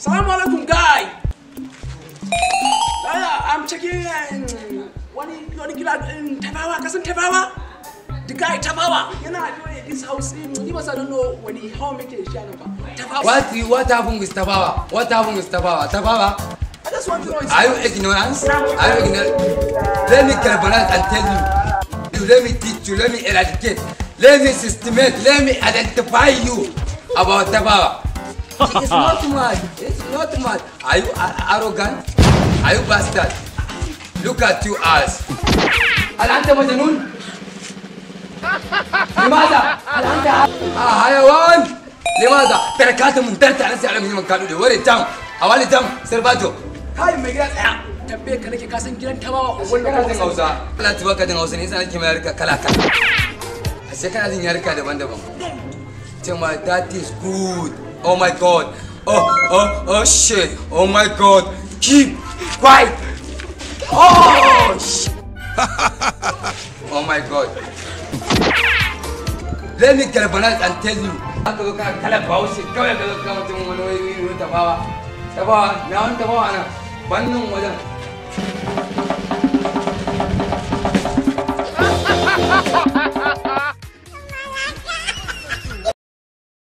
Salamu alaikum guy. I'm checking tabawa tabawa. The guy tabawa this house in he I don't know when he home Tabawa. What what happened with tabawa? What happened with tabawa? Tabawa. Are you ignorance? Are you ignorant? Let me carbonize and tell you. Let me teach you. Let me eradicate. Let me systematize. Let me identify you about the power. It's not mad. It's not mad. Are you arrogant? Are you bastard? Look at you as. هل أنت مجنون؟ لماذا؟ هل أنت حيوان؟ لماذا؟ تركات من تحت على سعر من كانوا لي وري تام أولي تام سرباتو kai mai gida tsaya tambaye ka nake ka gidan ta bawa unguwar da kuma hausa kana tuba ka jin hausa ne yasa nake kala kala a sai kana jin yarka daban-daban ce ma that is good oh my god oh oh oh shit oh my god keep quiet oh shit. oh my god let me and tell you kala kawai ka zo mutum wani wani tabawa tabawa na wani tabawa ana bannin wajen ha ha ha ha